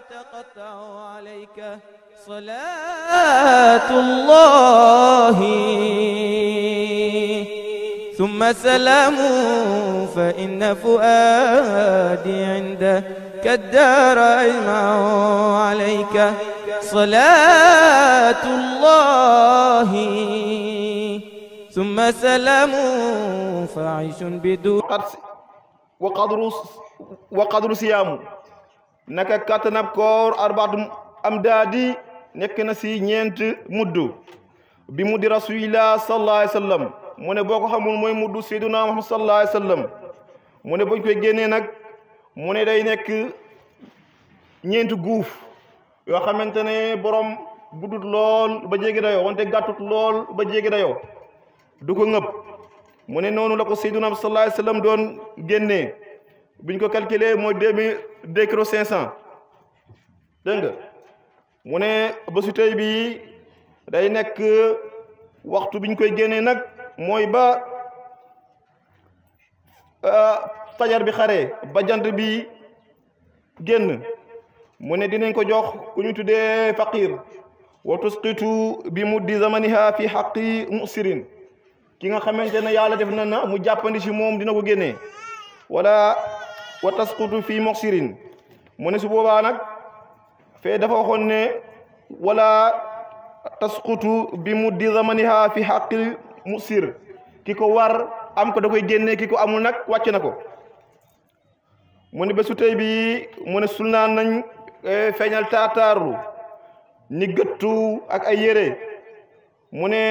وتقطع عليك صلاة الله ثم سلام فإن فؤادي عندك الدار أجمع عليك صلاة الله ثم سلام فعيش بدون وقدر وقدر صيام naka kattanab koor arbaatum am daadi nekk na si ñeent muddu bi muddi rasulillah sallallahu alayhi wa mu ne boo ko xamul mooy muddu sayyiduna Muhammad sallallahu alayhi mu ne buñ koy génnee nag mu ne day nekk ñeent guuf yoo xamante ne borom guddut lool ba jéggi dayoo wante gàttut lool ba jéggi dayoo du ko ngëpp mu ne noonu la ko sayyiduna Muhammad sallallahu doon génnee bu ñu ko calculer mooy deux mille deux kilos cinq nga mu ne bésu bii day nekk waxtu bi ñu koy génnee nag mooy ba euh, fajar bi xare ba jant bi génn mu ne dinañ ko jox ku ñuy tuddee faqir wa tusqitu bi muddi zamaniha fi xaqi musirin ki nga xamante ne yàlla def na na mu jàppandi ci moom dina ko génnee wala wa tasqutu fii moxsirin mu ne su boobaa nag fee dafa waxoon ne wala tasqutu bi mu di zamaniha fi xaqil musir ki ko war am ko da koy génne ki ko amul nag wàcce na ko mu ne bésu tey bi mu ne sul naa nañ e, feeñal taataaru ni gëttu ak ay yére mu ne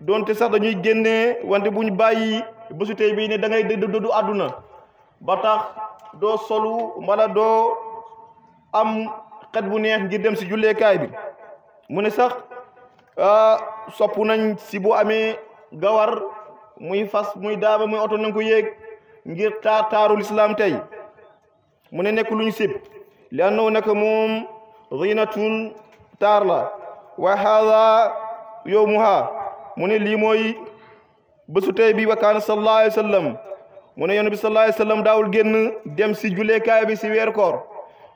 doonte sax dañuy génne wante buñ bàyyi bésu tey bii ne da ngay dëdd dëddu àdduna ba tax doo solu wala doo am xet bu neex ngir dem si julleekaay bi mu ne sax sopp nañ si bu amee gawar muy fas muy daaba muy oto nañ ko yéeg ngir taar taaru lislaam tey mu ne nekk lu ñu sib li annahu nekk moom rinatun taar la wa haada yowmuha mu ne lii mooy bésu tey bi wa kaana sallallahu alayhi mu ne bi sallallahu alayhi daawul génn dem si julleekaay bi si weer koor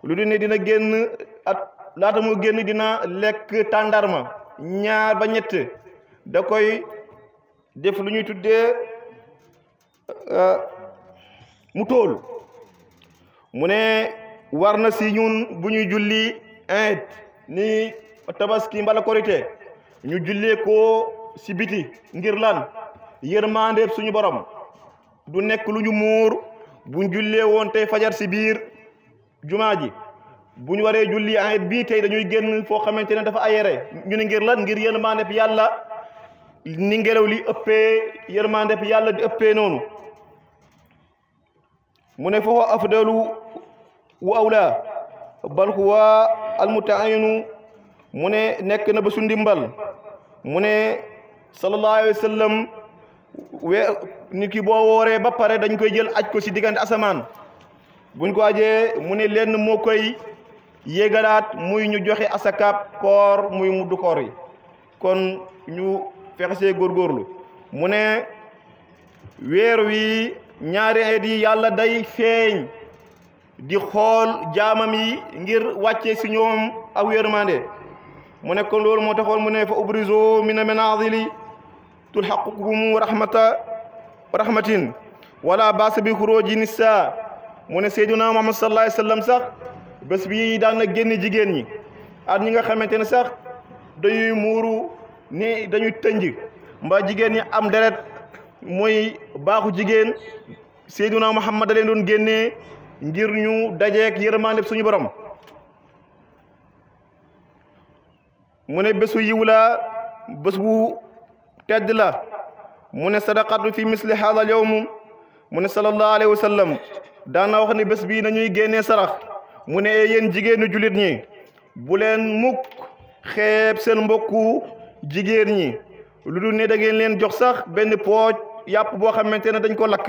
lu du ne dina génn at laata mu génn dina lekk tàndarma ñaar ba ñett da koy def lu ñuy tuddee euh, mu tóol mu ne war na si bu ñuy julli iid ni tabaski mbala korite ñu jullee ko si biti ngir lan yërmandeeb suñu borom du nekk lu ñu muur buñ jullee wonte fajar si biir jumaa ji buñ waree julli en bii tey dañuy génn foo xamante ne dafa ayere ñu ne ngir lan ngir yërmande bi yàlla ni ngelaw li ëppee yërmande bi yàlla di ëppee noonu mu ne foofu afdalu wa awla bal huwa almutaayinu mu ne nekk na ba su ndimbal mu ne sallallahu alayhi wa we nit ki boo wooree ba pare dañ koy jël aj ko si diggante asamaan buñ ko aje mu ne lenn moo koy yéegalaat muy ñu joxe asakaab koor muy muddu koor yi kon ñu góor góorlu mu ne weer wi ñaari yàlla day feeñ di xool jaamam yi ngir wàcce si ñoom aw yërmande mu ne kon loolu moo taxoon mu ne fa ubrizo mina manazili tulhaqukum rahmata rahmatin wala baasa bi xuróoji nissa mu ne seyduna muhammad sallallahu alayhi wasallam sax bés bi daan na génn jigéen ñi ak ñi nga xamante ne sax dañuy muuru ni dañuy tënj mbaa jigéen ñi am deret mooy baaxu jigéen seyduna muhammad da leen doon génne ngir ñu dajeek yërmande suñu borom mu ne bésu yiw bés bu tedd la mu ne sadaqatu fi misli hada al yawm mu ne sallallahu alayhi wa sallam daana wax ne bés bii nañuy génnee sarax mu ne yéen jigéenu julit ñi bu leen mukk xeeb seen mbokku jigéen ñi lu du ne da leen jox sax benn pooj yàpp boo xamante ne dañ ko lakk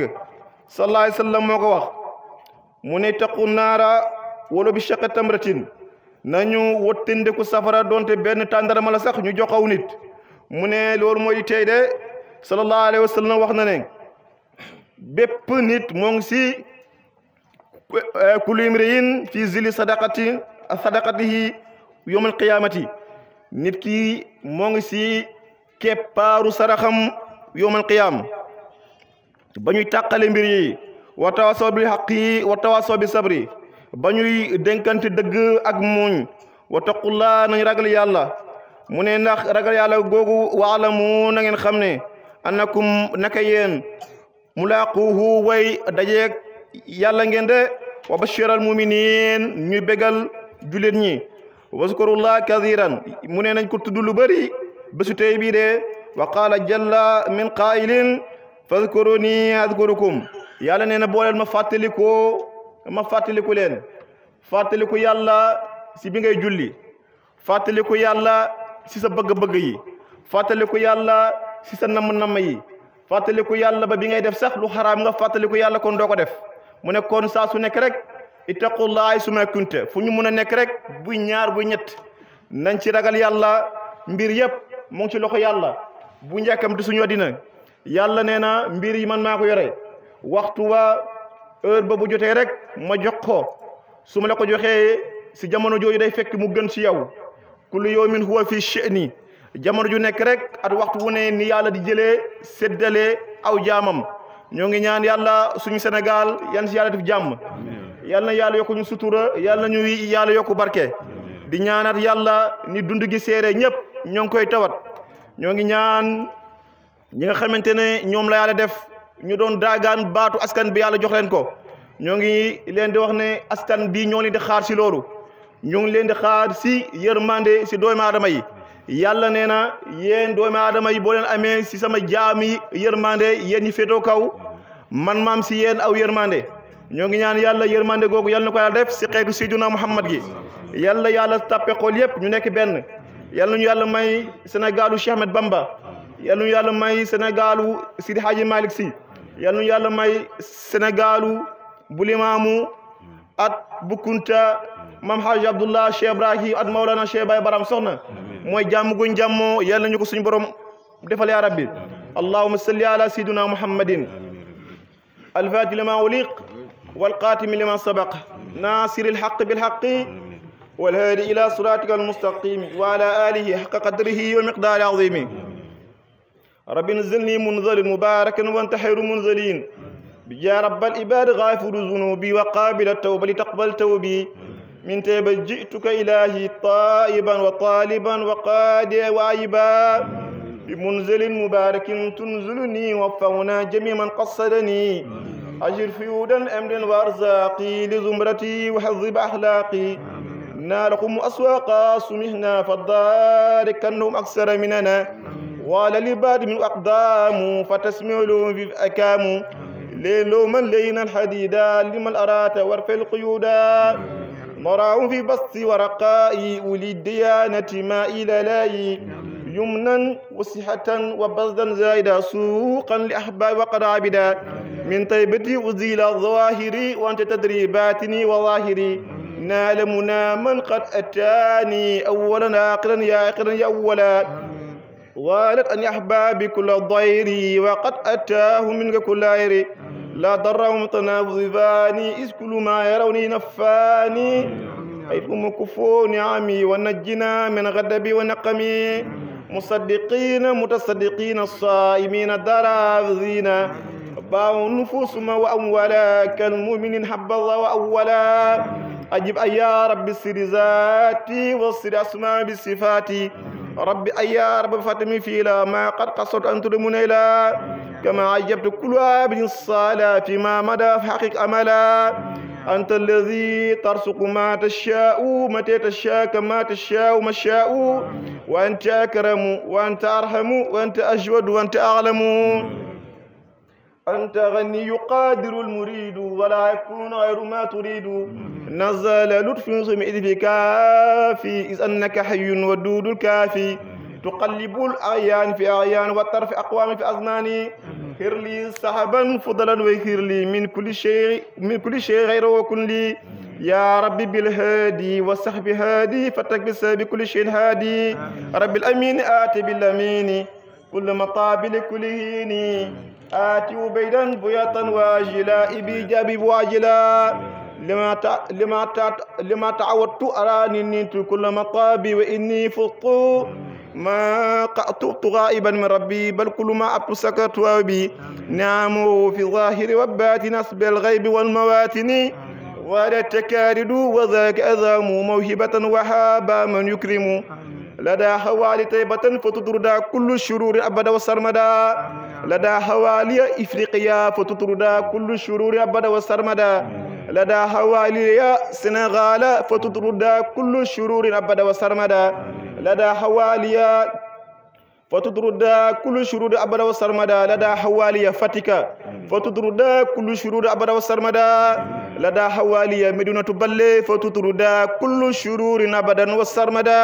sallallahu alayhi moo ko wax mu ne taqu naara wala bi shaqi tamratin nañu wottandeku safara donte benn tàndarama la sax ñu jox joxaw nit mu ne loolu mooy di tey de sallallahu alayhi wa wax na ne bépp nit moo ngi si eh, kullu imri'in fi zili sadaqati sadaqatihi yawmal qiyamati nit ki moo ngi si keppaaru saraxam yawmal qiyam ba ñuy tàqale mbir yi wa tawasaw bil haqqi wa tawasaw bi sabri ba ñuy dénkante dëgg ak muñ wa taqullaa nañ ragal yàlla mu ne ndax ragal yàlla googu waalamu na ngeen xam ne annakum naka yéen mulaaquhu way dajeeg yàlla ngeen de wa bashiral muminin ñu bégal jullit ñi waskurullah kathiran mu ne nañ ko tudd lu bëri bésu tey bii de wa qaala jalla min qaa'ilin fadkuruni adkurukum yàlla nee na booleel ma fàttaliku ma fàttaliku leen fàttaliku yàlla si bi ngay julli fàttaliku yàlla si sa bëgg-bëgg yi fàttaliku yàlla si sa namm-namm yi fàttaliku yàlla ba bi ngay def sax lu xaraam nga fàttaliku yàlla kon doo ko def mu ne kon saa su nekk rek ittaqullaay su kunte fu ñu mun a nekk rek buy ñaar buy ñett nañ ci ragal yàlla mbir yëpp mu ngi ci loxo yàlla bu njëkkam di suñu dina yàlla nee na mbir yi man maa ko yore waxtu wa heure ba bu jotee rek ma jox ko su ma la ko joxee si jamono jooju day fekk mu gën si yow kullu yawmin huwa fi sha'ni jamono ju nekk rek at waxtu wu ne ni yàlla di jëlee seddale aw jaamam ñoo ngi ñaan yàlla suñu Sénégal yan si yàlla def jàmm yàlla na yàlla yokku ñu sutura yàlla ñu yàlla yokku barke di ñaanat yàlla ni dund gi seere ñëpp ñoo ngi koy tawat ñoo ngi ñaan ñi nga xamante ne ñoom la yàlla def ñu doon daagaan baatu askan bi yàlla jox leen ko ñoo ngi leen di wax ne askan bi ñoo leen di xaar si loolu ñu ngi leen di xaar si yërmande si doomu aadama yi yàlla nee na yéen doomu aadama yi boo leen amee si sama jaami yërmande yéen ñi féetoo kaw man maam si yéen aw yërmande ñoo ngi ñaan yàlla yërmande googu yàlla na ko yàlla def si xeetu Seydina Muhammad gi yalla yàlla tappe xool yëpp ñu nekk benn yàlla ñu yàlla may Sénégalu Cheikh Ahmed Bamba yàlla ñu yàlla may Sénégalu Sidi Hadji ñu yàlla may Sénégalu bu at bu kunta mam haaji abdullah cheikh ibrahim at mawlana cheikh bay baram soxna mooy jàmm guñ jàmmoo yal nañu ko suñu borom defal yaa rabbi allahuma salli ala sayyidina muhammadin alfaati lima uliq walqaatimi lima sabaq nasiri alxaq bilxaqi والهادي إلى صراطك المستقيم وعلى آله حق قدره ومقدار عظيم رب انزلني منزل مباركا وانت خير منزلين yaa rabbal ibaad gaafiru zunuubi wa qaabila tawba li taqbal tawbi min teeba jituka ilaahi taa'iban wa taaliban wa qaadiya wa ayiba bi munzilin mubaarakin tunziluni wa fawna jamii man qassadani ajir fiyuudan amrin wa arzaaqi li zumrati wa xadib axlaaqi naarakum aswaaqa sumihna fa daarik annahum aksara minana waala libaad min aqdaamu fa tasmilu fi akaamu لو من لينا الحديدا لمن أرات وارفع القيودا نراهم في بسط ورقاء أولي الديانة ما إلى لاي يمنا وصحة وبزدا زائدا سوقا لأحباب وقد عبدا من طيبتي أزيل الظواهر وأنت تدري باتني وظاهري نالمنا من قد أتاني أولا آخرا يا آخرا يا أولا والد أن يحبى بكل ضيري وقد أتاه منك كل عيري لا ضرهم تنابذباني إذ كل ما يروني نفاني حيث مكفوني عمي ونجنا من غضبي ونقمي مصدقين متصدقين الصائمين دراذين باع نفوسهم وأولا كالمؤمن حب الله وأولا أجب أيا رب سر ذاتي وسر أسماء بصفاتي رب أيا رب فاتمي في ما قد قصرت أن تدمني لا كما عجبت كل عبد الصلاة فيما مدى فحقق أملا أنت الذي ترزق ما تشاء متى تشاء كما تشاء ما شاء وأنت أكرم وأنت أرحم وأنت أجود وأنت أعلم أنت غني قادر المريد ولا يكون غير ما تريد نزل لطف سمعت بك في إذ أنك حي ودود الكافي تقلب الأعيان في أعيان وطرف أقوام في أزمان خير لي صحبا فضلا وخير لي من كل شيء من كل شيء غير وكن لي يا ربي بالهادي والصحب هادي فتك بكل شيء هادي رب الأمين آتي بالأمين كل مطابل كل هيني آتي وبيدا بياتا واجلا إبي جابي واجلا لما تا لما تا لما تعودت أراني كل مطابي وإني فطو ما قأت غائبا من ربي بل كل ما أبت سكرت وبي نعمه في الظاهر والباطن أصب الغيب والمواتن ولا التكارد وذاك أذام موهبة وهابا من يكرم لدى حوالي طيبة فتطرد كل الشرور أبدا وسرمدا لدى حوالي إفريقيا فتطرد كل الشرور أبدا وسرمدا لدى حوالي سنغال فتطرد كل الشرور أبدا وسرمدا لدى حواليا فتدردا كل شرود أبدا وسرمدا لدى حواليا فتكا فتدردا كل شرود أبدا وسرمدا لدى حواليا مدينة بلي فتدردا كل شرور أبدا وسرمدا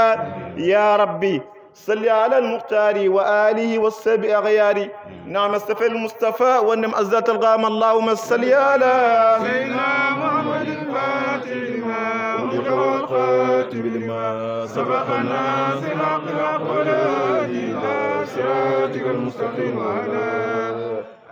يا ربي صل على المختار وآله والسبع أغيار نعم استفى المصطفى ونم أزات الغام اللهم صل على سيدنا الخاتم لما سبقنا سباق الأقوال إلى صراطك المستقيم وعلى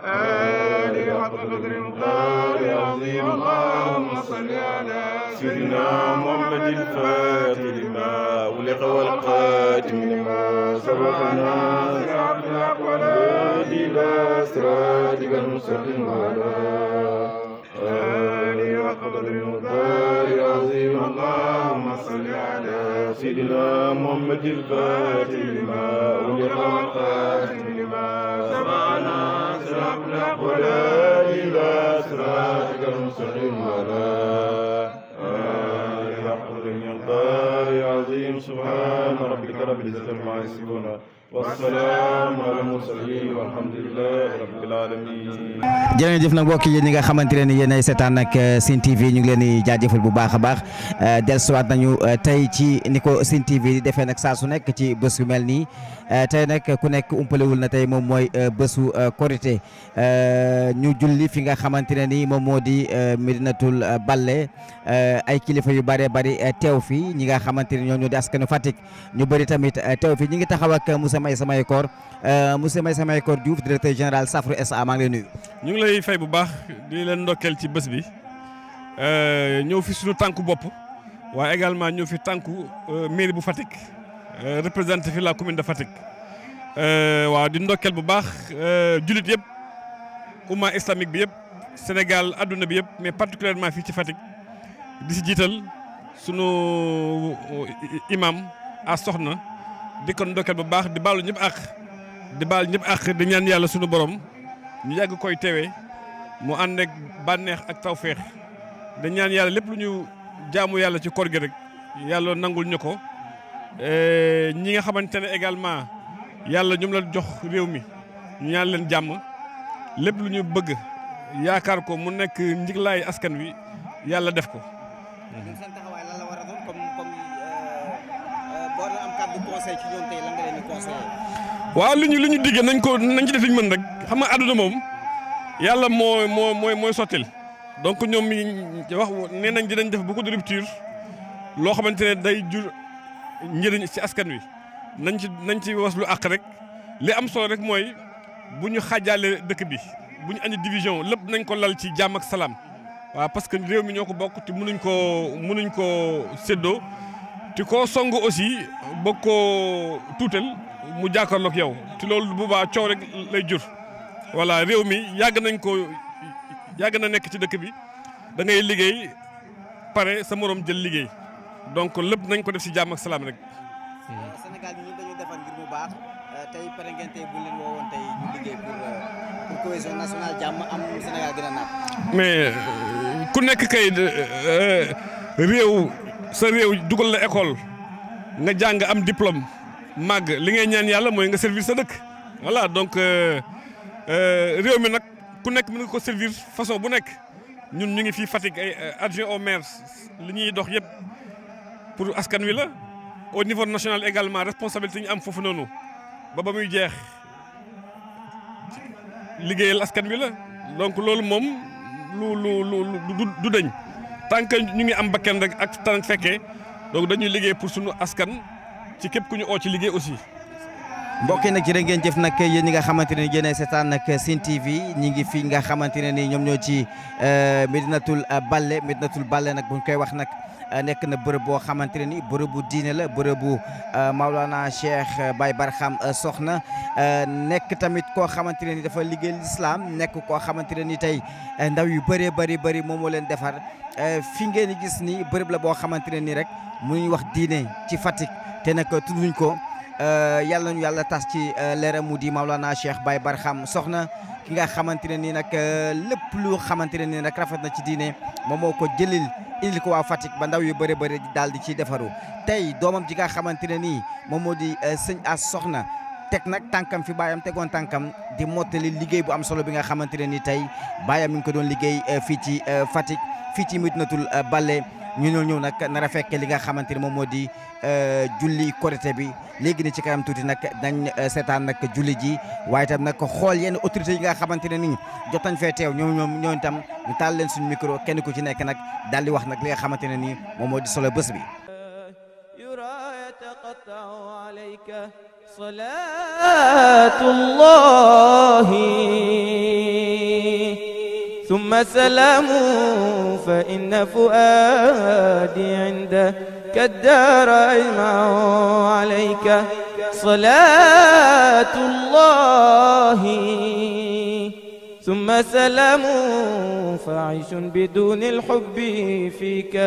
آله حق قدر القدر عظيم اللهم صل على سيدنا محمد الفاتح لما أغلق والقاتم لما سبقنا سباق الأقوال إلى صراطك المستقيم وعلى بدر وبار عظيم اللهم صل على سيدنا محمد الفاتح لما أغلق والخاتم لما سمعنا سلام الحق ولا إلى صراطك المستقيم ولا آل حق القاري عظيم سبحان ربك رب العزة عما يصفون wassalaamu ala mursaliin walhamdulillaahi rabbil aalamiin jërëjëf nag mbokk yi ñi nga xamante ne ni yéen ay seetaan nag eh, Sine TV ñu ngi leen di jaajëfal bu baax a baax eh, dellusiwaat nañu eh, tey ci ni ko Sine TV defee nag saa su nekk ci bés yu mel nii tey nag ku nekk umpalewul na tey moom mooy bésu korité ñu julli fi nga xamante ne ni moom moo di Medinatul Balle ay kilifa yu bëree bëri teew fi ñi nga xamante ne ñoo ñoo di askanu Fatick ñu bëri teew fi ñi may samay koor euh, monsieur may samay koor Diouf directeur général Safru SA maa ngi lay nuyu. ñu lay fay bu baax di leen ndokkeel ci bés bi euh, ñëw fi suñu tànku bopp waaye également ñëw fi tànku euh, mairie bu Fatick représenté fi la commune de Fatick waaw di ndokkeel bu baax jullit yëpp umma islamique bi yëpp Sénégal adduna bi yëpp mais particulièrement fii ci Fatick di si jiital sunu imam a soxna. di kon ndokkeel bu baax di baalu ñëpp ak di baal ñëpp àq di ñaan yàlla suñu borom ñu yàgg koy teewee mu ànd bànneex ak tawféex di ñaan yàlla lépp lu ñu jaamu yàlla ci koor gi rek yàlla nangul ñu ko e, ñi nga xamante ne également yàlla ñoom la jox réew mi ñu ñaan leen jàmm lépp lu ñu bëgg yaakaar ko mu nekk njiglaay askan wi yàlla def ko. du conseil waaw lu ñu lu ñu diggee nañ ko nañ ci def li mën rek xam nga àdduna moom yàlla moo moo mooy mooy sottil donc ñoom wax nee nañ dinañ def beaucoup de rupture loo xamante ne day jur njëriñ ci askan wi nañ ci nañ ci was lu àq rek li am solo rek mooy bu ñu xaajaale dëkk bi bu ñu andi division lépp nañ ko lal ci jàmm ak salaam waa parce que réew mi ñoo ko bokk te mënuñ koo mënuñ koo séddoo. te koo song aussi bëgg koo tuutal mu jàkkaarloog yow te loolu bu baax coow rek lay jur. voilà réew mi yàgg nañ ko yàgg na nekk ci dëkk bi dangay liggéey pare sa moroom jël liggéey donc lépp nañ ko def si jàmm ak salaam rek. Euh, Sénégal ñun dañuy baax euh, tey pare euh, naat. mais ku nekk kay réew. sa réew dugal la école nga jàng am diplôme màgg li ngay ñaan yàlla mooy nga servir sa dëkk voilà donc euh, euh, réew mi nag ku nekk mën nga ko servir façon bu nekk ñun ñu ngi fi Fatick ay euh, adjoint au maire li ñuy dox yëpp pour askan wi la au niveau national également responsabilité ñu am foofu noonu ba ba muy jeex liggéeyal askan wi la donc loolu moom lu lu lu du dañ tant que ñu ngi am bakkan rek ak tan fekkee donc dañuy liggéey pour suñu askan ci képp ku ñu oo ci liggéey aussi. mbokk yi nag jërë ngeen jëf nag yéen ñi nga xamante ne yéen seetaan nag Sen TV ñi ngi fi nga xamante ne ni ñoom ñoo ci euh, Médinatoul Balle Médinatoul Balle nag buñ koy wax nag. Euh, nekk na bërëb boo xamante ne ni bërëbu diine la bërëbu euh, Maulana Cheikh euh, Baye Barham Soxna nekk tamit koo xamante ne ni dafa liggéey lislaam nekk koo xamante ne ni tey ndaw yu bëree bëri bëri moom moo leen defar fi ngeen gis ni bërëb la boo xamante ne ni rek mu ñuy wax diine ci Fatick te nag tudduñ ko yàlla nañu yàlla tas ci leeram mu di Maulana Cheikh Baye Barham Soxna ki nga xamante ne nii nag lépp lu xamante ne nii nag rafet na ci diine moom moo ko jëlil indil ko waa Fatick ba ndaw yu bëri bëri daal di ciy defaru tey doomam ji nga xamante ne nii moom moo di euh, sëñ as soxna teg nag tànkam fi baayam tegoon tànkam di mottali liggéey bu am solo bi nga xamante ne nii tey baayam mi ngi ko doon liggéey euh, fii ci euh, Fatick fii ci natul bale ñu ñëw ñëw nag nara a fekkee li nga xamante ni moom moo di euh, julli korité bi léegi ni ci kanam tuuti nag dañ euh, seetaan nag julli ji waaye tam nag xool yenn autorité yi nga xamante ne ni jot nañ fee teew ñoom ñoom ñoom itam ñu taal leen suñu micro kenn ku ci nekk nag dal di wax nag li nga xamante ne ni moom moo di solo bés bi salaatu llahi ثم السلام فإن فؤادي عندك الدار أجمع عليك صلاة الله ثم سلام فعيش بدون الحب فيك